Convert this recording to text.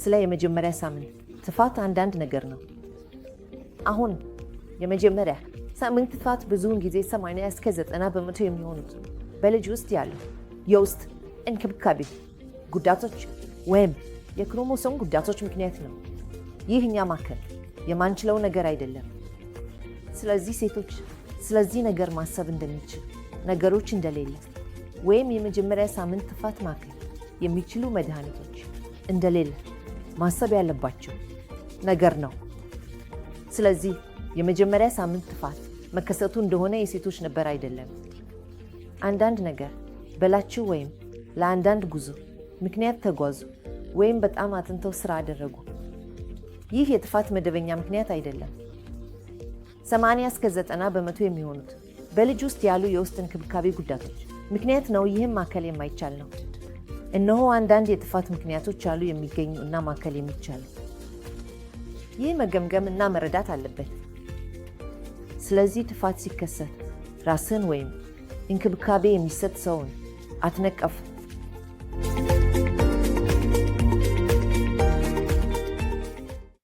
ስለ የመጀመሪያ ሳምንት ትፋት አንዳንድ ነገር ነው። አሁን የመጀመሪያ ሳምንት ትፋት ብዙውን ጊዜ 80 እስከ 90 በመቶ የሚሆኑት በልጅ ውስጥ ያሉ የውስጥ እንክብካቤ ጉዳቶች ወይም የክሮሞሶም ጉዳቶች ምክንያት ነው። ይህ እኛ ማከል የማንችለው ነገር አይደለም። ስለዚህ ሴቶች ስለዚህ ነገር ማሰብ እንደሚችል ነገሮች እንደሌለ ወይም የመጀመሪያ ሳምንት ጥፋት ማከል የሚችሉ መድኃኒቶች እንደሌለ ማሰብ ያለባቸው ነገር ነው። ስለዚህ የመጀመሪያ ሳምንት ጥፋት መከሰቱ እንደሆነ የሴቶች ነበር አይደለም። አንዳንድ ነገር በላችሁ ወይም ለአንዳንድ ጉዞ ምክንያት ተጓዙ ወይም በጣም አጥንተው ስራ አደረጉ። ይህ የጥፋት መደበኛ ምክንያት አይደለም። 80 እስከ 90 በመቶ የሚሆኑት በልጅ ውስጥ ያሉ የውስጥ እንክብካቤ ጉዳቶች ምክንያት ነው። ይህም ማከል የማይቻል ነው። እነሆ አንዳንድ የጥፋት ምክንያቶች አሉ የሚገኙ እና ማከል የሚቻሉ። ይህ መገምገም እና መረዳት አለበት። ስለዚህ ጥፋት ሲከሰት ራስን ወይም እንክብካቤ የሚሰጥ ሰውን አትነቀፍ